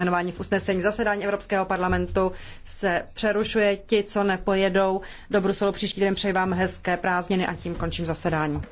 jmenování v usnesení zasedání Evropského parlamentu se přerušuje. Ti, co nepojedou do Bruselu příští den, přeji vám hezké prázdniny a tím končím zasedání.